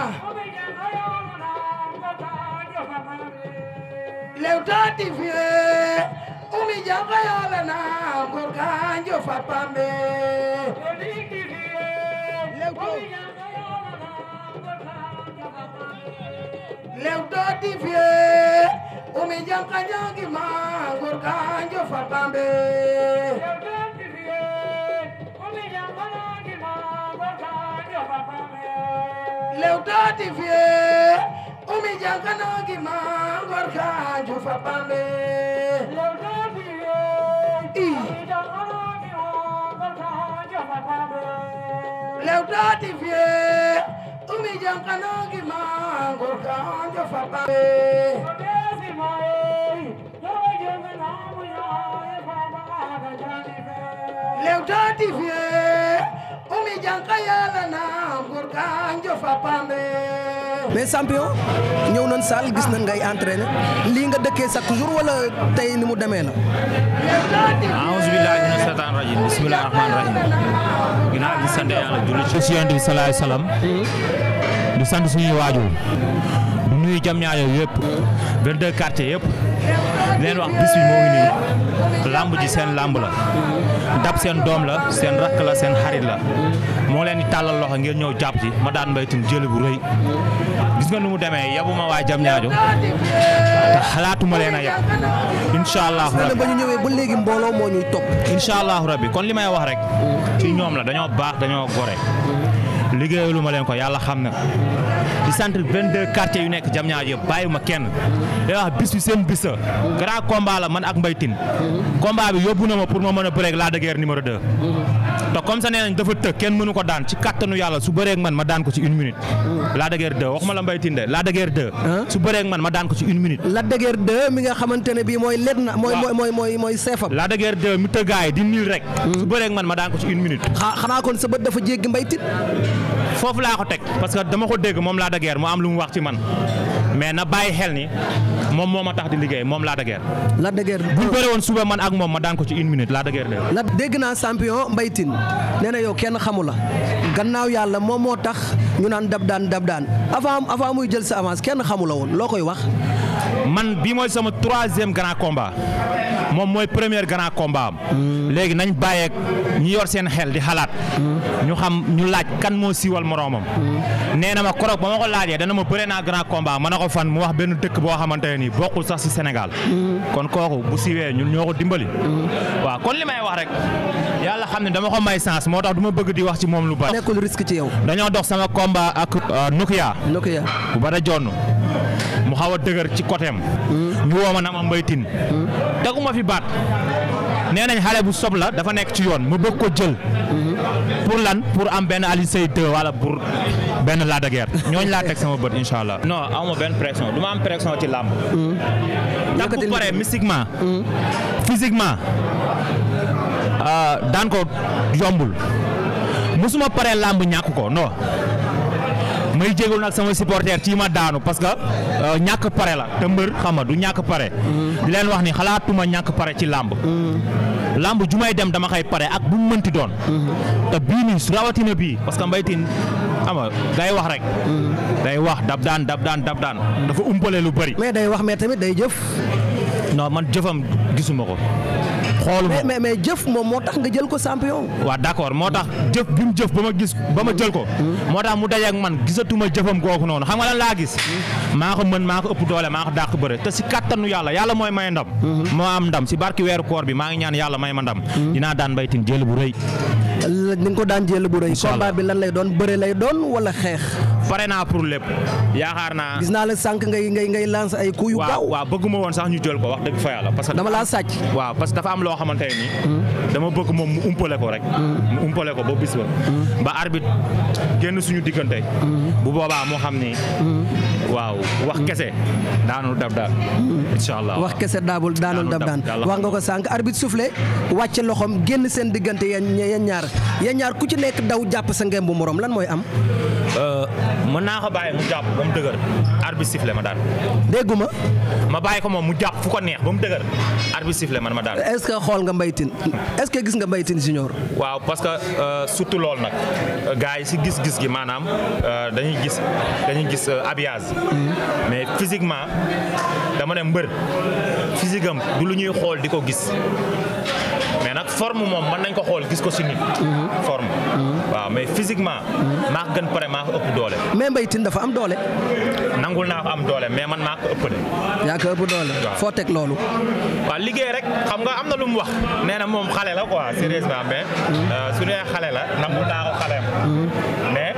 ah lewta tifie umi janka yala na gurkan jo fa pambe lewto tifie umi janka jangi ma gurkan jo fa pambe Leewtoo TV Oumy Diankano gi ma ngor kaaju fa Bambey Leewtoo TV Oumy Diankano gi ma ngor kaaju fa Bambey Leewtoo TV Oumy Diankano gi ma ngor kaaju fa Bambey Leewtoo TV umi janka yalana nguur mais champion ñëw nañ saal gis nañ ngay entraîné lii nga dëkkee chaque jour wala tey ni mu demee la a'uuzu billaahi mina shaytaani rajiim bismillaahi rahmaani rahiim ginnaaw bi sant yàlla julli ci yonent bi sallallaahu alayhi wa sallam di sant suñuy waajur du nuyu jam ñaajo yëpp 22 quartier yëpp di leen wax bis bi moo ngi làmb ji seen làmb la dab seen doom la seen rakk la seen xarit la moo leen tàllal loxo ngir ñëw jàpp ci ma daan mbéytum jëli bu rëy gis nga nu mu demee yabu ma waa jam ñaajo te xalaatuma leen a yab incha allahu bi ba ñu ñëwee ba léegi mbooloo moo ñuy topp incha allahu rabi kon li may wax rek ci ñoom la dañoo baax dañoo gore liggéeyalu ma leen ko yàlla xam na di sant 22 quartiers yu nekk jam ñaar yëpp bàyyi ma kenn day wax bis bi seen bis la grand combat la man ak Mbaye Tine combat bi yóbbu na ma pour ma mën a bëreeg Lac de Guiers numéro 2 te comme ça nee nañ dafa tëg kenn mënu ko daan ci kattanu yàlla su bëreeg man ma daan ko ci une minute Lac de Guiers 2 la Mbaye Tine de Lac de Guiers 2 su bëreeg de Guiers 2 mi nga xamante ne bii mooy let na mooy mooy mooy mooy seefam Lac de Guiers 2 mu tëggaay di niil rek hmm. su bëreeg man ma daan ko ci une minute xanaa foofu laa ko teg parce que dama ko dégg moom laa da guerre mu am lu mu wax ci man mais na bàyyi xel ni moom moom ma tax di liggéey moom laa da guerre. laa da guerre bu bëre woon suba man ak moom ma daan ko ci une minute laa da guerre la dégg naa champion Mbaye Tine nee yow kenn xamu la gannaaw yàlla moom moo tax ñu naan dab daan dab daan avant avant muy jël sa avance kenn xamu la woon loo koy wax. man bi mooy sama troisième grand combat. moom mooy premier grand combat am. léegi nañ bàyyeek ñu yor seen xel di xalaat. ñu xam ñu laaj kan moo siiwal moroomam. nee na ma korok ba ma ko laajee dana ma bëre naa grand combat ma ne ko fan mu wax benn dëkk boo xamante ne nii bokkul sax ci senegal kon kooku bu siiwee ñun ñoo ko dimbali. waaw kon li may wax rek yàlla xam ne dama ko may chance moo tax du bëgg di wax ci moom lu bari. nekkul risque ci yow. dañoo dox sama combat ak euh, Nokia. Nokia bu ba da jonn mu xaw a dëgër ci côté am. Hmm. ñu baat nee xale bu sob la dafa nekk ci yoon mu bëgg ko jël. pour lan pour am benn Alioune Seye 2 wala pour benn Lac de Guiers ñooñu laa teg sama bët incha allah. non amuma benn pression du ma am pression ci làmb. Mm-hmm. ndax bu paree mystiquement. Mm-hmm. physiquement euh, daan ko yombul musuma paree làmb ñàkk ko non. may jégalu nag sama supporter ci ma daanu parce que euh, ñàkk pare la te mbër xam nga du ñàkk pare. di leen wax ni xalaatuma ñàkk pare ci làmb. làmb ju may dem dama xay pare ak bu mu mënti doon. te bii nii rawatina bii parce que mbay xam ama gay wax rek. day wax dab daan dab daan dab daan dafa umpale lu bëri. mais day wax mais tamit day jëf. non man jëfam gisuma ko. xool ma mais mais jëf moom moo tax nga jël ko champion. waaw d' moo tax jëf bi mu jëf ba ma gis ba ma jël ko. Hmm. moo tax mu dajeeg man gisatuma jëfam googu noonu xam nga lan laa gis. Hmm. maa ko mën maa ko ëpp doole maa ko dàq bëre te si kattanu yàlla yàlla mooy may ndam. Hmm. moo am ndam si barki weeru koor bi maa ngi ñaan yàlla may ma ndam. dinaa daan Mbaye Tine jël bu rëy. ni ko daan jël bu rëy. combat bi lan lay doon bëre lay doon wala xeex. pare naa pour lépp yaakaar naa. gis naa la sànq ngay ngay ngay lancer ay coups yu gaaw. bëgguma woon sax ñu jël ko wax dëgg fa yàlla parce que. dama laa sàcc. waaw parce que dafa am loo xamante ne hmm. dama bëgg moom mu umpale ko rek. Hmm. mu ko ba bis ba. Hmm. ba génn suñu diggante. bu boobaa moo xam ni. waaw wax kese daanul dab daan. incha allah wax kese daabul daanul dab daan wax nga ko sànq arbitre soufflé wàcce loxoom génn seen diggante yan ñaar yan ñaar ku ci nekk daw jàpp sa ngeen bu morom lan mooy am. Euh, mën naa ko bàyyi mu jàpp ba mu dëgër arbitre sifflé ma daan. dégguma ma bàyyi ko moom mu jàpp fu ko neex ba mu dëgër arbitre ma man ma daan. est-ce que xool nga Mbaye Tine est-ce que gis nga Mbaye Tine junior. waaw parce que euh, surtout loolu nag euh, gars yi si gis-gis gi maanaam euh, dañuy gis dañuy gis habillage. Mm-hmm. mais physiquement dama ne mbër physique am du lu ñuy xool di ko gis. forme moom man nañ ko xool gis ko si nit. Mhm. forme. Mhm. waaw mais physiquement. Mhm. maa gën pare maa ko ëpp doole. mais Mbaye Tine dafa am doole. nangul naa am doole mais man maa ko ëpp de. yaa ko ëpp doole. foo teg loolu. waaw liggéey rek xam nga am na lu mu wax. nee na moom xale la ko quoi sérieusement mais. Euh, su dee xale la nangul naa ko xale mais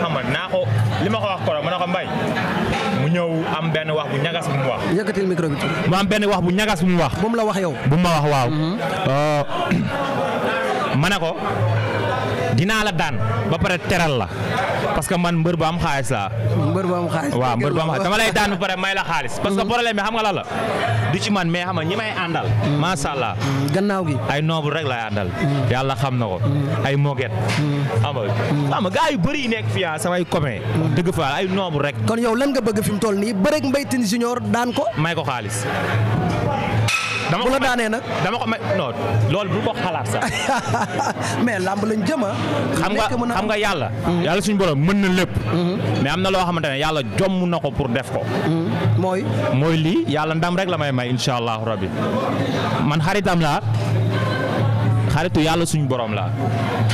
xam nga naa ko li ma ko wax ko rek ma ne ko Mbaye. ñëw am benn wax bu ñagas bu mu wax. yëkkatil micro benn wax bu ñagas bu mu wax. bu la wax yow. bu ma wax waaw. Mm-hmm. Uh, ma ne ko. dinaa la daan ba pare teral la parce que man mbër bu am xaalis laa. mbër bu am xaalis waaw mbër lay daan ba may la xaalis. parce que problème bi xam nga la la du ci man mais xam nga ñi may àndal. macha allah gannaaw gi ay noobu rek lay àndal. Mm. yàlla xam na ko. Mm. ay moget. Mm. xam nga xam nga gars yu nekk fii ah, samay copain. dëgg fa ay noobu rek. kon yow lan nga bëgg fi mu toll nii bëreeg Mbaye Tine Junior daan ko. may ko xaalis. dama ko bu dama ko may non loolu bu ko xalaat sax. mais làmb lañ jëm xam nga xam nga yàlla. Mhm. yàlla suñu borom mën na lépp. Mhm. mais am na loo xamante ne yàlla jomm na ko pour def ko. Mhm. mooy. mooy lii yàlla ndam rek la may may incha allahu rabbi man xaritam laa. xaritu yàlla suñu borom la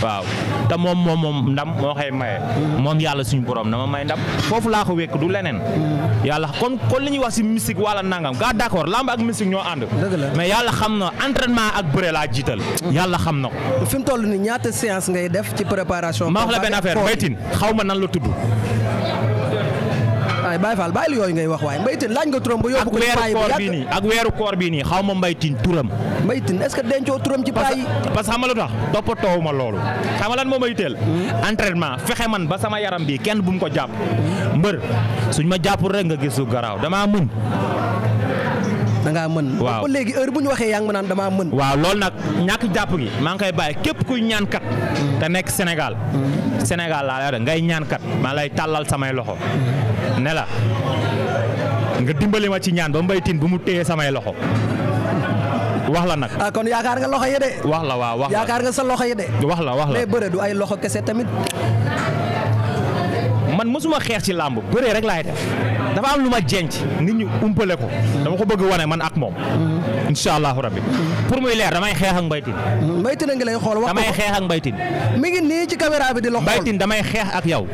waaw te moom moom moom ndam moo koy maye moom yàlla suñu borom dama may ndam foofu laa ko wekk du leneen yàlla kon kon li ñuy wax si mystique wala nangam gaa d'accord lamb ak mystique ñoo ànd mais yàlla xam na entraînement ak bëre laa jiital yàlla xam na ko fi mu toll ni ñaata séance ngay def ci préparation ma wax la benn affaire baytin xaw ma nan la tudd waaye Baye Fall bàyyil yooyu ngay wax waay mbaytin laaj nga turam ba yóbbu ko paay bi ak weeru koor bii nii xaw ma mbaytin turam mbaytin est-ce que dencoo turam ci paay parce que xam nga lu tax toppatoowu ma loolu xam nga lan moo may teel entraînement fexe man ba sama yaram bi kenn bu mu ko jàpp mbër suñ ma jàppul rek nga gisu garaaw damaa mën da ngaa mën waaw léegi heure bu ñu waxee yaa ma naan damaa mën waaw loolu nag ñàkk jàpp gi maa ngi koy bàyyi képp kuy ñaan kat te nekk Sénégal mm. Sénégal laa lay wax ngay ñaankat maa lay tàllal samay loxo ne la nga dimbali ma ci ñaan ba Mbaye Tine bu mu téye samay loxo wax la nag. ah kon yaakaar nga loxo yi de. wax la waaw wax la yaakaar nga sa loxo yi de. wax la wax la mais bëre du ay loxo kese tamit. man mosuma xeex ci làmb bëre rek laay def dafa am lu ma jenc nit ñu umpale ko dama ko bëgg wane man ak moom mm-hmm. insha allahu rabbi mm-hmm. pour muy leer damay xeex ak Mbaye Tine mm-hmm. Mbaye Tine ngi lay xool wax damay xeex ak Mbaye Tine mi ngi nii ci caméra bi damay xeex ak yow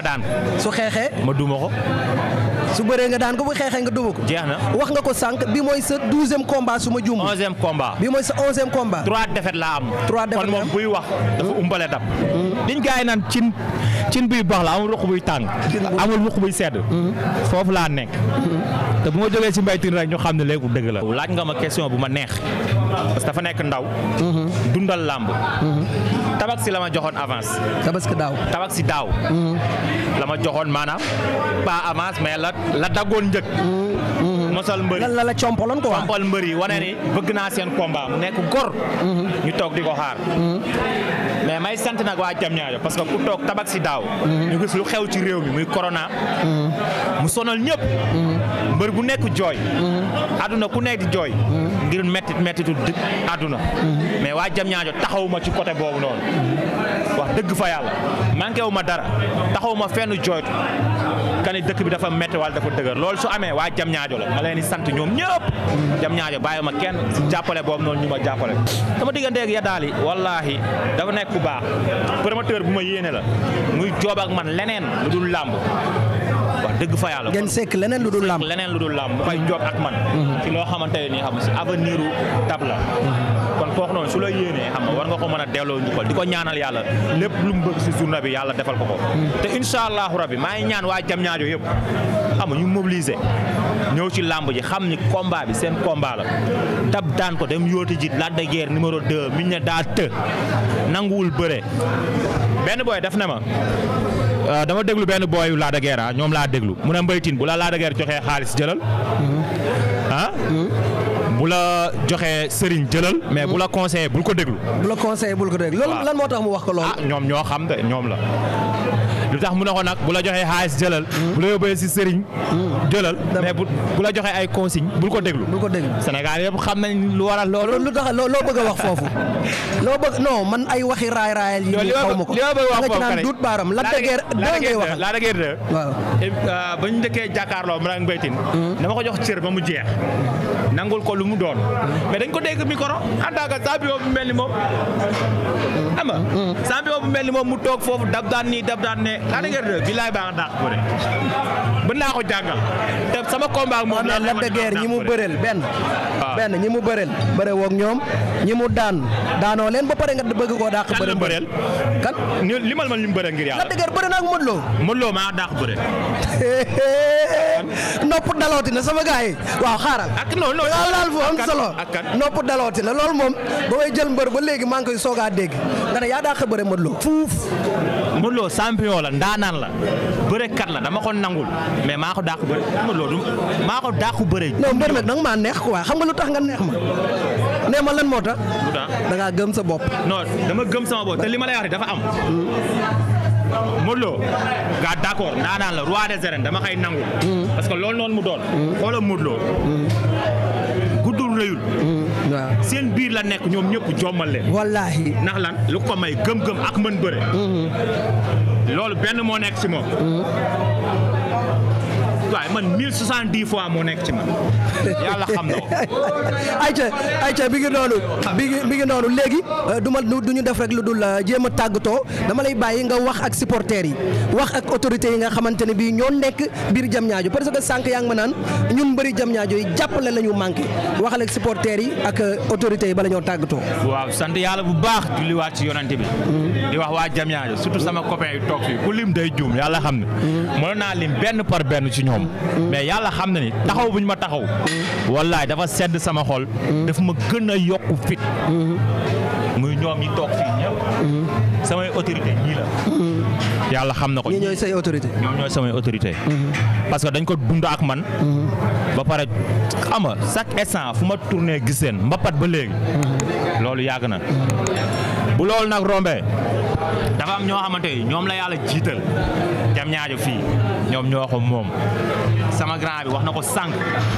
ma daan ko su xeexee ma duma ko su bëree nga daan ko bu xeexee nga duma ko jeex na wax nga ko sànq bi mooy sa douzième combat su ma juum onzième combat bi mooy sa onzième combat trois défaites laa am trois défaites kon moom buy wax dafa umbale dab mm. liñ gars yi naan cin cin buy bax la amul ruq buy tàng amul ruq buy sedd mm. foofu laa nekk mm. te bu ma jógee ci mbaytin rek ñu xam ne léegi dëgg la laaj nga ma question bu ma neex parce que nekk ndaw mm-hmm. dundal làmb mm-hmm. tabax si la ma joxoon avance. tabax si daaw tabax si daaw. Mhm. la joxoon maanaam pas avance mais la la daggoon njëkk. Mhm. mosal mbëri lan la la compaloon quoi compal wane ni bëgg naa seen combat mu nekk gor. Mhm. ñu toog di ko xaar. Mhm. mais may sant nag waa jam ñaajo parce que ku toog tabak si daaw. Mhm. ñu gis lu xew ci réew mi muy corona. mu sonal ñëpp. mbër bu nekk jooy. àdduna ku nekk di jooy. ngir mettit mettitu àdduna. mais waa jam ñaajo taxawuma ci côté boobu noonu. wax dëgg fa yàlla manqué dara taxawuma fenn jooytu. kani dëkk bi dafa métti wala dafa dëgër lool su amee waa jam ñaajo la ma leen di sant ñoom ñëpp jam ñaajo bàyyi ma kenn si jàppale boobu noonu ñu ma jàppale sama diggante ak Yadaali wallaahi dafa nekk ku baax promoteur bu ma yéene la muy joob ak man leneen lu dul làmb wax dëgg fa yàlla. ngeen sekk leneen lu dul làmb leneen lu dul làmb mu koy jot ak man. Mhm. ci loo xamante ni nii xam nga si avenir u tab la. Mhm. kon kooku noonu su loo yéenee xam war nga ko mën a delloo ñu ko di ko ñaanal yàlla lépp lu mu bëgg si journée bi yàlla defal ko ko. Mhm. te incha allahu rabi maa ngi ñaan waa jam Diamniadio yëpp xam nga ñu mobiliser. ñëw ci làmb ji xam ni combat bi seen combat la tab daan ko dem yóoti ji Lac de Guiers numéro 2 miñ ne daa të nanguwul bëre benn booy def na ma. Euh, dama déglu benn booyu Lac de Guiers ah, ñoom laa déglu mu ne Mbaye bu la Lac de Guiers xaalis jëlal. Mm-hmm. ah. Mm-hmm. bu la joxee sëriñ jëlal. mais bu la mm-hmm. conseillé bul ko déglu. bu la conseillé bul ko déglu. lan moo tax mu wax ko loolu. Ah, ñoom ñoo xam de ñoom la. lu tax mu ne nag bu la joxee xaalis jëlal. Hmm. bu la yóbbee si sëriñ. Hmm. jëlal mais bu bu la joxee ay consigne bul ko déglu. bul ko déglu Sénégal yëpp xam nañ lu waral loolu. lu tax loo bëgg a wax foofu. loo bëgg non man ay waxi raay raayal yi. li ma bëgg a wax foofu nga ci naan la dëgër doo ngay la dëgër de waaw. Euh, ba ñu njëkkee jàkkaarloo ma ak mbaytin hmm. dama ba mu jeex. nangul ko lu mu doon. mais dañ ko dégg micro en tant que bu mel ni moom. xam nga bu mel ni moom mu toog foofu dab daan nii dab daan ne Lac de Guiers 2 bilaay baa nga dàq bëre mën naa ko jàngal sama combat moom la Lac de Guiers ñi mu bëreel benn ah. benn ñi mu bëreel bëre woog ñoom ñi daan daanoo leen ba pare nga bëgg koo dàq bëre bëreel kan limal ma li mu bëreel ngir yàlla Lac de Guiers bëre naa ak Modou Lo Modou Lo maa dàq bëre nopp na sama gars yi waaw xaaral ak non non laal fu na loolu moom ba may jël mbër ba léegi maa ngi koy soogaa dégg nga ne yaa dàq bëre Modou Lo fuuf Modou Lo champion la la ndaanaan la bërekat la dama ko nangul mais maa ko dàqu bëre xam nga loolu maa ko dàqu mbër nag danga maa neex quoi xam nga lu tax nga neex ma nee ma lan moo tax. lu da ngaa gëm sa bopp. noo dama gëm sama bopp te li ma lay wax dafa am. Mm. Modou Lo gaa d'accord ndaanaan la roi des arènes dama koy nangul. Mm. parce que loolu noonu mu doon. Mm. xoolal Modou Lo. rëyul. Mm, seen biir la nekk ñoom ñëpp jommal leen. wallaahi ndax lan lu ko may gëm-gëm ak mën bëre. Mm-hmm. loolu benn moo nekk si moom. Mm-hmm. waaye man mil 1070 fois moo nekk ci man yàlla na ko. ayca ayca bi ngi noonu. bi ngi bi ngi léegi euh, du ma du ñu def rek lu dul euh, jéem a tàggatoo dama lay bàyyi nga wax ak supporters yi wax ak autorités yi nga xamante ne bii ñoo nekk biir jam ñaajo parce que sànq yaa ngi ma naan ñun mbëri jam ñaajo yi jàppale la ñu manqué waxal ak supporters yi ak euh, autorités yi bala ñoo tàggatoo. waaw sant yàlla bu baax julliwaat ci yonante bi. Mm-hmm. wax waa jam ñaajo surtout sama copain yi toog xam ne. Mm-hmm. mënoon naa lim benn par benn ci ñoom. moom mais yàlla xam na ni taxaw bu ñu ma taxaw wallaay dafa sedd sama xol daf ma gën a yokk fit muy ñoom ñi toog fii ñëpp samay autorité ñii la yàlla xam na ko ñii ñooy say autorité ñoom samay autorité parce que dañ ko dund ak man ba pare xam nga chaque fu ma tourné gis seen mbapat ba léegi loolu yàgg na bu loolu nag rombee dafa am ñoo xamante ñoom la yàlla jiital jam ñaajo fii ñoom ñoo ko moom sama grand bi wax na ko sànq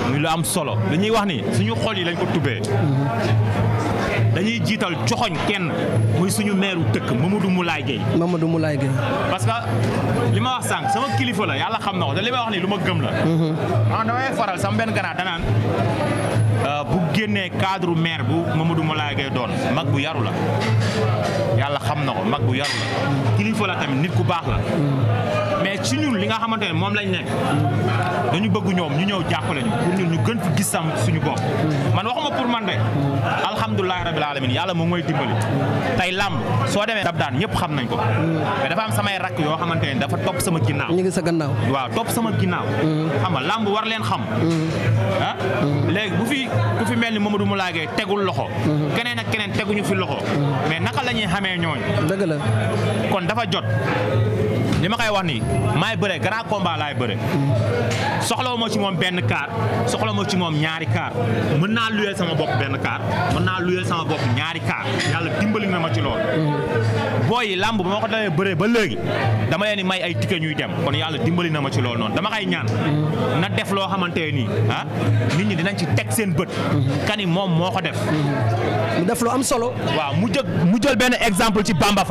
muy lu am solo li ñuy wax ni suñu xol yi lañ ko tubbee dañuy jiital joxoñ kenn muy suñu meeru dëkk Mamadou Moulaye Gueye Mamadou Moulaye Gueye parce que li ma wax sànq sama kilifa la yàlla xam na ko te li ma wax ni lu ma gëm la mhm. man damay faral sama benn ganaar danaan euh, génnee cadre maire bu du Moulaye Gueye doon mag bu yaru la yàlla xam na ko mag bu yaru la kilifa la tamit nit ku baax la mais ci ñun li nga xamante ne moom lañ nekk dañu bëgg ñoom ñu ñëw jàppale ñu ñu gën fi gis sam suñu bopp man waxuma pour man de alhamdulilahi rabil alamin yàlla moom mooy dimbali tey làmb soo demee dab daan ñëpp xam nañ ko mais dafa am samay rakk yoo xamante ne dafa topp sama ginnaaw ñu sa gannaaw waaw topp sama ginnaaw mm. xam nga làmb war leen xam mm. Ah? Mm. mel ni Mamadou Moulaye tegul loxo. Mhm. keneen ak keneen teguñu fi loxo. Mhm. mais naka la ñuy xamee ñooñu. dëgg la kon dafa jot. li ma koy wax nii maay bëre grand combat laay bëre soxlawu ma ci moom benn kaar soxlawu ma ci moom ñaari kaar mën naa luyee sama bopp benn kaar mën naa luyee sama bopp ñaari kaar yàlla dimbali na ma ci lool booy làmb ba ma ko dalee bëree ba léegi dama leen may ay ticket ñuy dem kon yàlla dimbali na ma ci lool noonu dama koy ñaan na def loo xamante nii ah nit ñi dinañ ci teg seen bët kani moom moo ko def mu def lu am solo waaw mu jël mu jël benn exemple ci Bamba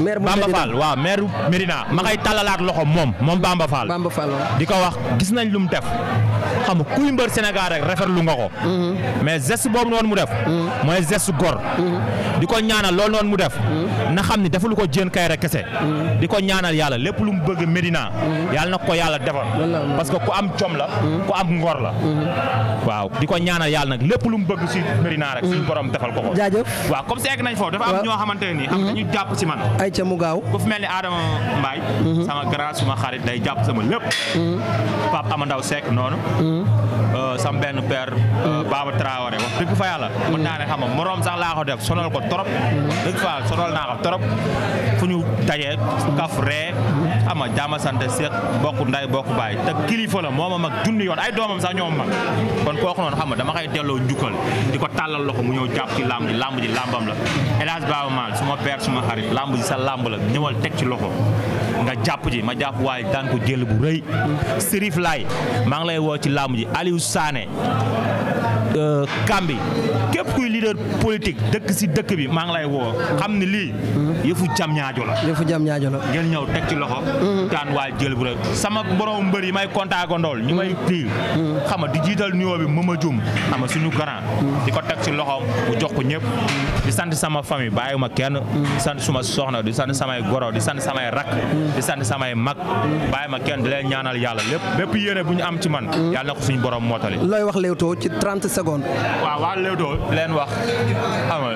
maire Bamba Fall waaw maire Médina ma koy tàllalaat loxo moom moom Bamba Fall. Bamba Fall di ko wax gis nañ lu mu def xam nga kuy mbër Sénégal rek lu nga ko. Mm-hmm. mais geste boobu noonu mu def. Mm-hmm. mooy geste gor. Mm-hmm. di ko ñaanal loolu noonu mu def. na xam ni defalu ko Diène rek kese. di ko ñaanal yàlla lépp lu mu bëgg Médina. yàlla na ko yàlla defal. parce que ku am jom am ngor la. waaw di ko ñaanal yàlla nag lépp lu mu bëgg si Médina rek. suñu borom defal ko ko. jaajëf waaw comme si egg nañ foofu dafa am ñoo xamante nii. am na jàpp si man. ay ca mu gaaw ku fi mel ni Adama Mbaye mhm. sama grand suma xarit day jàpp sama lépp mhm. Pape ndaw Seck noonu mhm. euh, sam benn père euh, Baba Traoré wax dëgg fa mun mën naa ne xam moroom sax laa ko def sonal ko trop dëgg fa yàlla sonal naa ko trop fu ñu dajee kaf ree xam nga jaama bokk nday bokk baay te kilifa la mooma mag junni yoon ay doomam sax ñoom mag kon kooku noonu xam dama koy delloo njukkal di ko tàllal loxo mu ñëw jàpp ci làmb ji làmb la El sa làmb la ñëwal teg ci loxo nga jàpp ji ma jàpp waaye daan ko jël bu rëy Serif Laay maa ngi lay woo ci làmb ji Aliou Sané Kambi euh, képp kuy leader politique dëkk si dëkk bi maa ngi lay woo xam ne lii. yëfu jam ñaajo la. yëfu jam ñaajo la. ngeen ñëw teg ci loxo. Mm-hmm. daan waa jël bu rek sama borom mbër yi may kontaagoo ndool ñu may mm-hmm. tiir. Mm-hmm. xam nga di jiital nuyoo bi mëma jum xam nga suñu grand. di ko teg ci loxoom mu jox ko ñëpp. di sant sama famille ma kenn. di sant suma soxna di sant samay goro di sant samay rak. di sant samay mag. ma kenn di leen ñaanal yàlla lépp bépp yéene bu am ci man. yàlla na ko suñu secondes. waaw waa leen wax xam nga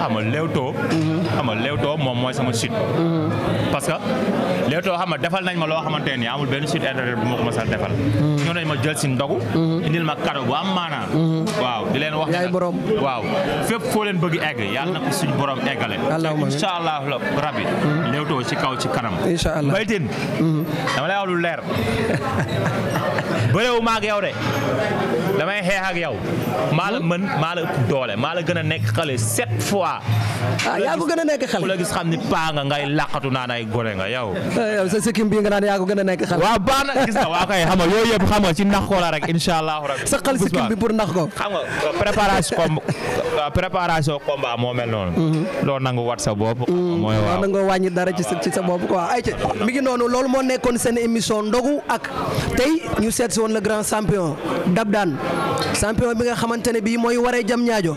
xam nga mhm. moom mooy sama site. Mhm. parce que Leewtoo xam defal nañ ma loo xamante ne amul benn site internet bu ma ko defal. Mhm. ñoo nañ ma jël si ndogu. indil ma cadeau bu am maanaa. waaw di leen wax. yaay waaw fépp foo leen bëgg egg yàlla na ko suñu borom eggale. incha allah rabbi. Leewtoo ci kaw ci kanam. incha allah dama lay leer bëreewu ma ak de damay xeex ak maa la mën maa la ëpp doole maa la gën a nekk xale sept fois. ah yaa ko gën a nekk xale ku la gis xam ni paa nga ngay laqatu naan ay gone nga yow. Eh, yow sa sikkim bii nga naan yaa ko gën a nekk xale. waaw baax na gis nga waa kay xam nga yooyu yëpp xam nga ci nax ko la rek incha allahu sa xal sikkim bi pour nax ko. xam nga euh, euh, préparation combat moo mel noonu. loolu mm-hmm. nangu wat sa bopp. Mm-hmm. mooy waaw nangoo wàññi dara ci sa ci sa bopp quoi ayca mi ngi noonu loolu moo nekkoon seen émission champion bi nga xamante ne bii mooy waree jam ñaajo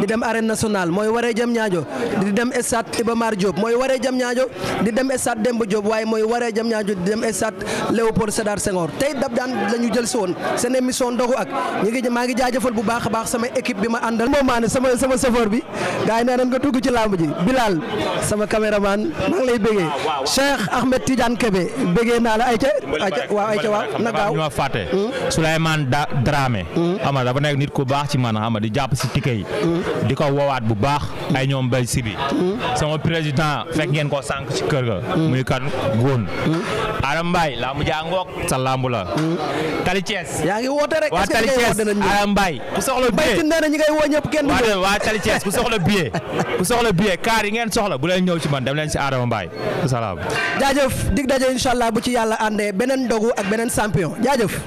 di dem arène nationale mooy waree jam ñaajo di dem stade Iba Mar Diop mooy waree jam ñaajo di dem stade Demba Diop waaye mooy waree jam ñaajo di dem stade Léopold Sédar Senghor tey dab daan la jël si woon seen émission ndogu ak ñu ngi maa ngi jaajafal bu baax baax sama équipe bi ma àndal moom maa ne sama sama chauffeur bi gars yi nee nañ nga dugg ci làmb ji Bilal sama caméraman maa ngi lay bëggee Cheikh Ahmed Tidiane Kébé bëggee naa la ayca ayca waaw ayca waaw na gaaw ñoo fàtte Souleymane Dramé xam nga dafa nekk nit ku baax ci man di jàpp si tike mm. di ko woowaat bu baax. ay ñoom bay si bi. Mm. sama président fekk ngeen ko sànq ci kër ga. Mm. muy kan góon. Adam Mbaye laa mu jàngook sa lamb la. Tali Thiès. yaa ngi woote rek est-ce que li ngay woote nañ ñëw Adam Mbaye ku soxla billet mbay na ñi ngay woo ñëpp ku soxla billet kaar yi ngeen soxla bu leen ñëw ci man dem leen si Adama Mbaye salaam. jaajëf dig daje incha allah bu ci yàlla àndee beneen dogu ak beneen champion jaajëf.